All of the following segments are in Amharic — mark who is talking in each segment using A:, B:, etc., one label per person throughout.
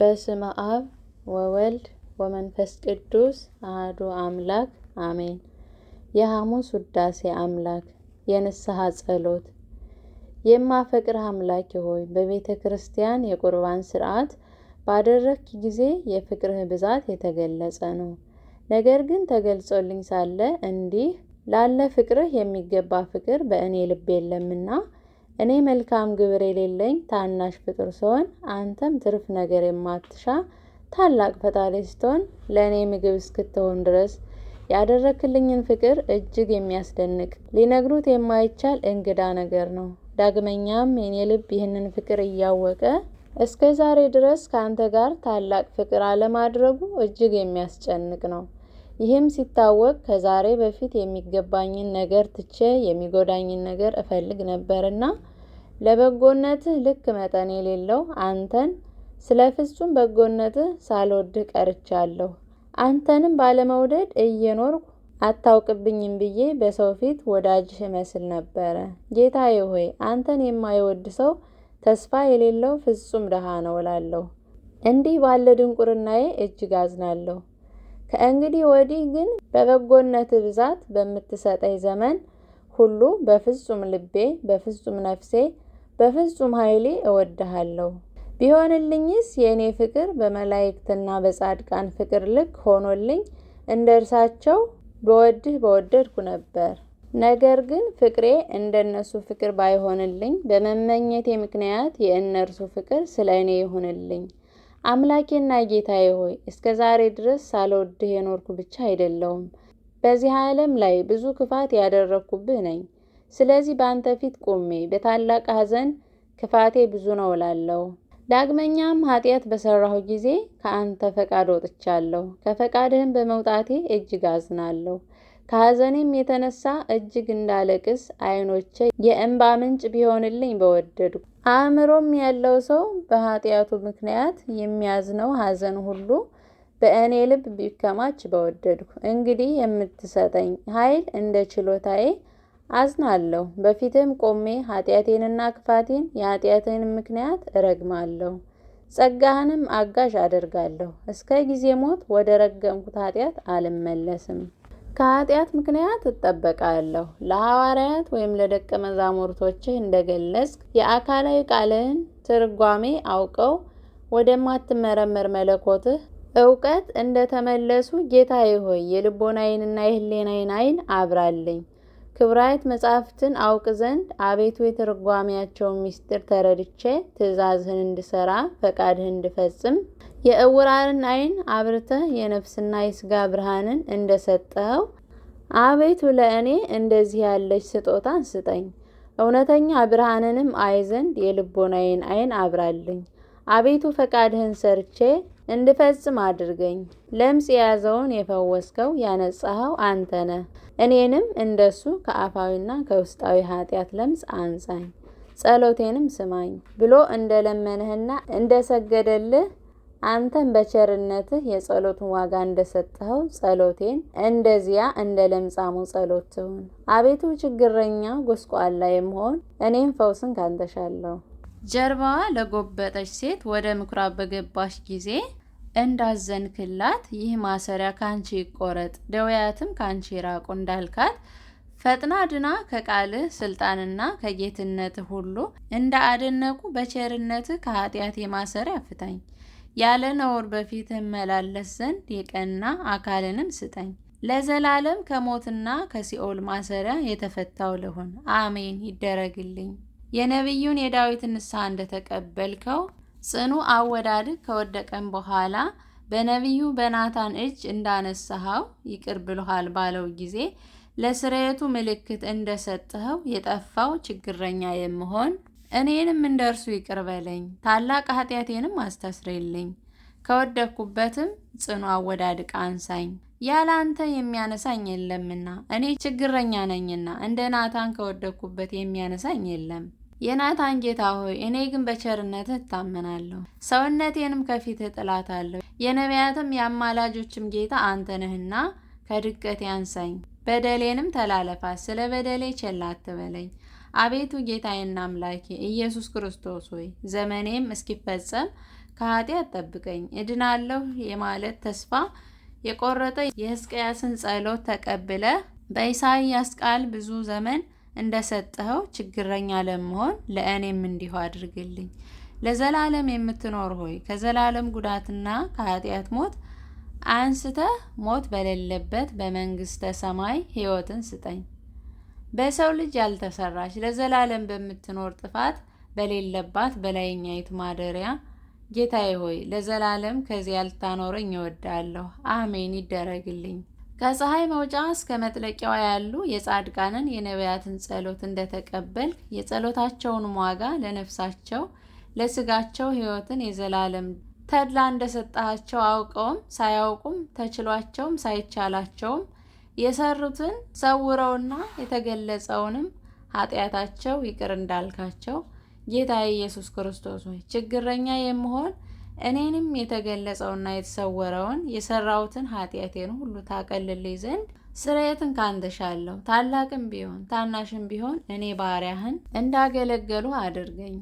A: በስመ አብ ወወልድ ወመንፈስ ቅዱስ አህዱ አምላክ አሜን። የሐሙስ ውዳሴ አምላክ የንስሐ ጸሎት። የማፈቅር አምላኬ ሆይ በቤተ ክርስቲያን የቁርባን ስርዓት ባደረግክ ጊዜ የፍቅርህ ብዛት የተገለጸ ነው። ነገር ግን ተገልጾልኝ ሳለ እንዲህ ላለ ፍቅርህ የሚገባ ፍቅር በእኔ ልብ የለምና እኔ መልካም ግብር የሌለኝ ታናሽ ፍጡር ስሆን፣ አንተም ትርፍ ነገር የማትሻ ታላቅ ፈጣሪ ስትሆን፣ ለእኔ ምግብ እስክትሆን ድረስ ያደረክልኝን ፍቅር እጅግ የሚያስደንቅ ሊነግሩት የማይቻል እንግዳ ነገር ነው። ዳግመኛም የኔ ልብ ይህንን ፍቅር እያወቀ እስከ ዛሬ ድረስ ከአንተ ጋር ታላቅ ፍቅር አለማድረጉ እጅግ የሚያስጨንቅ ነው። ይህም ሲታወቅ ከዛሬ በፊት የሚገባኝን ነገር ትቼ የሚጎዳኝን ነገር እፈልግ ነበርና ለበጎነትህ ልክ መጠን የሌለው አንተን ስለ ፍጹም በጎነትህ ሳልወድህ ቀርቻለሁ። አንተንም ባለመውደድ እየኖርኩ አታውቅብኝም ብዬ በሰው ፊት ወዳጅህ እመስል ነበረ። ጌታዬ ሆይ አንተን የማይወድ ሰው ተስፋ የሌለው ፍጹም ድሃ ነው እላለሁ። እንዲህ ባለ ድንቁርናዬ እጅግ አዝናለሁ። ከእንግዲህ ወዲህ ግን በበጎነት ብዛት በምትሰጠኝ ዘመን ሁሉ በፍጹም ልቤ በፍጹም ነፍሴ በፍጹም ኃይሌ እወድሃለሁ። ቢሆንልኝስ የእኔ ፍቅር በመላእክትና በጻድቃን ፍቅር ልክ ሆኖልኝ እንደ እርሳቸው በወድህ በወደድኩ ነበር። ነገር ግን ፍቅሬ እንደ እነሱ ፍቅር ባይሆንልኝ በመመኘቴ ምክንያት የእነርሱ ፍቅር ስለ እኔ ይሆንልኝ። አምላኬና ጌታዬ ሆይ እስከ ዛሬ ድረስ ሳልወድህ የኖርኩ ብቻ አይደለውም በዚህ ዓለም ላይ ብዙ ክፋት ያደረግኩብህ ነኝ። ስለዚህ በአንተ ፊት ቆሜ በታላቅ ሐዘን ክፋቴ ብዙ ነው እላለሁ። ዳግመኛም ኃጢአት በሠራሁ ጊዜ ከአንተ ፈቃድ ወጥቻለሁ፣ ከፈቃድህም በመውጣቴ እጅግ አዝናለሁ። ከሐዘኔም የተነሳ እጅግ እንዳለቅስ ዓይኖቼ የእንባ ምንጭ ቢሆንልኝ በወደዱ። አእምሮም ያለው ሰው በኃጢአቱ ምክንያት የሚያዝነው ሐዘን ሁሉ በእኔ ልብ ቢከማች በወደድኩ። እንግዲህ የምትሰጠኝ ኃይል እንደ ችሎታዬ አዝናለሁ። በፊትም ቆሜ ኃጢአቴንና ክፋቴን የኃጢአቴን ምክንያት እረግማለሁ። ጸጋህንም አጋዥ አደርጋለሁ። እስከ ጊዜ ሞት ወደ ረገምኩት ኃጢአት አልመለስም። ከኃጢአት ምክንያት እጠበቃለሁ። ለሐዋርያት ወይም ለደቀ መዛሙርቶችህ እንደገለጽክ የአካላዊ ቃልህን ትርጓሜ አውቀው ወደማትመረመር መለኮትህ እውቀት እንደተመለሱ ጌታዬ ሆይ የልቦናዬንና የህሌናዬን ዓይን አብራልኝ። ክብራይት መጻሕፍትን አውቅ ዘንድ አቤቱ የትርጓሜያቸውን ምስጢር ተረድቼ ትእዛዝህን እንድሰራ ፈቃድህን እንድፈጽም የእውራንን ዓይን አብርተህ የነፍስና የስጋ ብርሃንን እንደሰጠኸው አቤቱ ለእኔ እንደዚህ ያለች ስጦታን ስጠኝ። እውነተኛ ብርሃንንም አይ ዘንድ የልቦናዬን ዓይን አብራልኝ። አቤቱ ፈቃድህን ሰርቼ እንድፈጽም አድርገኝ። ለምጽ የያዘውን የፈወስከው ያነጻኸው አንተ ነህ። እኔንም እንደሱ ከአፋዊና ከውስጣዊ ኃጢአት ለምጽ አንጻኝ፣ ጸሎቴንም ስማኝ ብሎ እንደ ለመነህና እንደ ሰገደልህ አንተን በቸርነትህ የጸሎትን ዋጋ እንደሰጠኸው ጸሎቴን እንደዚያ እንደ ለምጻሙ ጸሎት ትሁን። አቤቱ ችግረኛ ጎስቋላ የምሆን እኔም ፈውስን ካንተሻለሁ። ጀርባዋ ለጎበጠች ሴት ወደ ምኩራብ በገባች ጊዜ እንዳዘንክላት ይህ ማሰሪያ ካንቺ ይቆረጥ፣ ደውያትም ካንቺ ይራቁ እንዳልካት ፈጥና ድና ከቃልህ ስልጣንና ከጌትነትህ ሁሉ እንደ አደነቁ በቸርነትህ ከኃጢአቴ ማሰሪያ ፍታኝ፣ ያለ ነውር በፊት እመላለስ ዘንድ የቀና አካልንም ስጠኝ። ለዘላለም ከሞትና ከሲኦል ማሰሪያ የተፈታው ልሁን። አሜን ይደረግልኝ። የነቢዩን የዳዊትን ንስሐ እንደተቀበልከው ጽኑ አወዳድቅ ከወደቀን በኋላ በነቢዩ በናታን እጅ እንዳነሳኸው ይቅር ብሎሃል ባለው ጊዜ ለስርየቱ ምልክት እንደሰጥኸው የጠፋው ችግረኛ የምሆን እኔንም እንደ እርሱ ይቅር በለኝ፣ ታላቅ ኃጢአቴንም አስተስሬልኝ፣ ከወደግኩበትም ጽኑ አወዳድቅ አንሳኝ፣ ያለ አንተ የሚያነሳኝ የለምና እኔ ችግረኛ ነኝና እንደ ናታን ከወደግኩበት የሚያነሳኝ የለም። የናታን ጌታ ሆይ እኔ ግን በቸርነትህ እታመናለሁ፣ ሰውነቴንም ከፊት እጥላታለሁ። የነቢያትም የአማላጆችም ጌታ አንተ ነህና ከድቀት አንሳኝ፣ በደሌንም ተላለፋት፣ ስለ በደሌ ቸል አትበለኝ። አቤቱ ጌታዬና አምላኬ ኢየሱስ ክርስቶስ ሆይ ዘመኔም እስኪፈጸም ከኃጢአት ጠብቀኝ። እድናለሁ የማለት ተስፋ የቆረጠ የሕዝቅያስን ጸሎት ተቀብለ በኢሳይያስ ቃል ብዙ ዘመን እንደሰጠኸው ችግረኛ ለመሆን ለእኔም እንዲሁ አድርግልኝ። ለዘላለም የምትኖር ሆይ ከዘላለም ጉዳትና ከኃጢአት ሞት አንስተህ ሞት በሌለበት በመንግስተ ሰማይ ሕይወትን ስጠኝ። በሰው ልጅ ያልተሰራች ለዘላለም በምትኖር ጥፋት በሌለባት በላይኛይቱ ማደሪያ ጌታዬ ሆይ ለዘላለም ከዚህ ያልታኖረኝ እወዳለሁ። አሜን ይደረግልኝ። ከፀሐይ መውጫ እስከ መጥለቂያዋ ያሉ የጻድቃንን የነቢያትን ጸሎት እንደተቀበልክ የጸሎታቸውን ዋጋ ለነፍሳቸው ለስጋቸው ሕይወትን የዘላለም ተድላ እንደሰጣቸው አውቀውም ሳያውቁም ተችሏቸውም ሳይቻላቸውም የሰሩትን ሰውረውና የተገለጸውንም ኃጢአታቸው ይቅር እንዳልካቸው ጌታ ኢየሱስ ክርስቶስ ሆይ ችግረኛ የምሆን እኔንም የተገለጸውና የተሰወረውን የሰራሁትን ኃጢአቴን ሁሉ ታቀልልኝ ዘንድ ስርየትን ካንተሻለሁ። ታላቅም ቢሆን ታናሽም ቢሆን እኔ ባሪያህን እንዳገለገሉ አድርገኝ።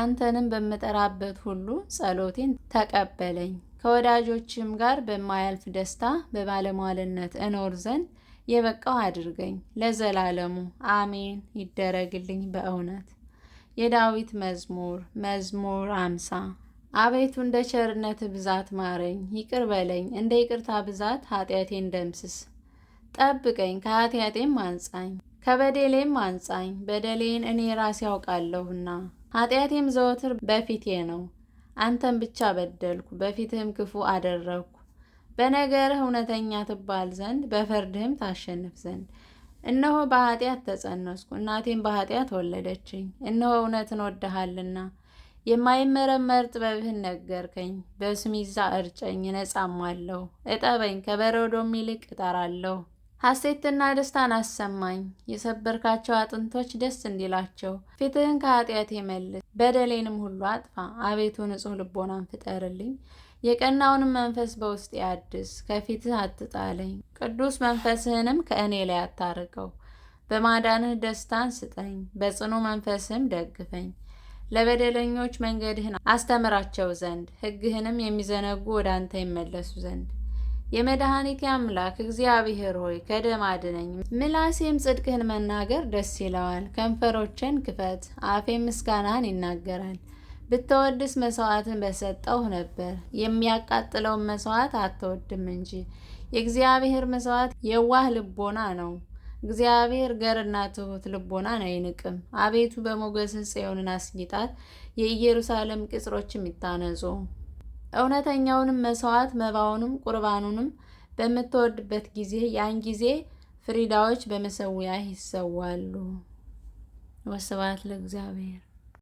A: አንተንም በምጠራበት ሁሉ ጸሎቴን ተቀበለኝ። ከወዳጆችም ጋር በማያልፍ ደስታ በባለሟልነት እኖር ዘንድ የበቃው አድርገኝ። ለዘላለሙ አሜን ይደረግልኝ። በእውነት የዳዊት መዝሙር መዝሙር አምሳ አቤቱ እንደ ቸርነት ብዛት ማረኝ፣ ይቅር በለኝ፣ እንደ ይቅርታ ብዛት ኃጢአቴን ደምስስ። ጠብቀኝ፣ ከኃጢአቴም አንጻኝ፣ ከበደሌም አንጻኝ፣ በደሌን እኔ ራሴ ያውቃለሁና ኃጢአቴም ዘወትር በፊቴ ነው። አንተም ብቻ በደልኩ፣ በፊትህም ክፉ አደረግኩ። በነገርህ እውነተኛ ትባል ዘንድ በፍርድህም ታሸንፍ ዘንድ እነሆ በኃጢአት ተጸነስኩ፣ እናቴም በኃጢአት ወለደችኝ። እነሆ እውነትን ወድሃልና የማይመረመር ጥበብህን ነገርከኝ። በስም ይዛ እርጨኝ እነጻማለሁ። እጠበኝ ከበረዶም ይልቅ እጠራለሁ። ሐሴትና ደስታን አሰማኝ። የሰበርካቸው አጥንቶች ደስ እንዲላቸው ፊትህን ከኃጢአቴ መልስ፣ በደሌንም ሁሉ አጥፋ። አቤቱ ንጹሕ ልቦናን ፍጠርልኝ፣ የቀናውንም መንፈስ በውስጤ አድስ። ከፊትህ አትጣለኝ፣ ቅዱስ መንፈስህንም ከእኔ ላይ አታርቀው። በማዳንህ ደስታን ስጠኝ፣ በጽኑ መንፈስህም ደግፈኝ። ለበደለኞች መንገድህን አስተምራቸው ዘንድ ሕግህንም የሚዘነጉ ወደ አንተ ይመለሱ ዘንድ የመድኃኒቴ አምላክ እግዚአብሔር ሆይ ከደም አድነኝ። ምላሴም ጽድቅህን መናገር ደስ ይለዋል። ከንፈሮቼን ክፈት፣ አፌም ምስጋናህን ይናገራል። ብትወድስ መስዋዕትን በሰጠው ነበር፣ የሚያቃጥለውን መስዋዕት አትወድም እንጂ። የእግዚአብሔር መስዋዕት የዋህ ልቦና ነው። እግዚአብሔር ገርና ትሁት ልቦናን አይንቅም። አቤቱ በሞገስ ጽዮንን አስጊጣት፣ የኢየሩሳሌም ቅጽሮችም ይታነጹ። እውነተኛውንም መስዋዕት መባውንም ቁርባኑንም በምትወድበት ጊዜ ያን ጊዜ ፍሪዳዎች በመሰዊያህ ይሰዋሉ። ወስብሐት ለእግዚአብሔር።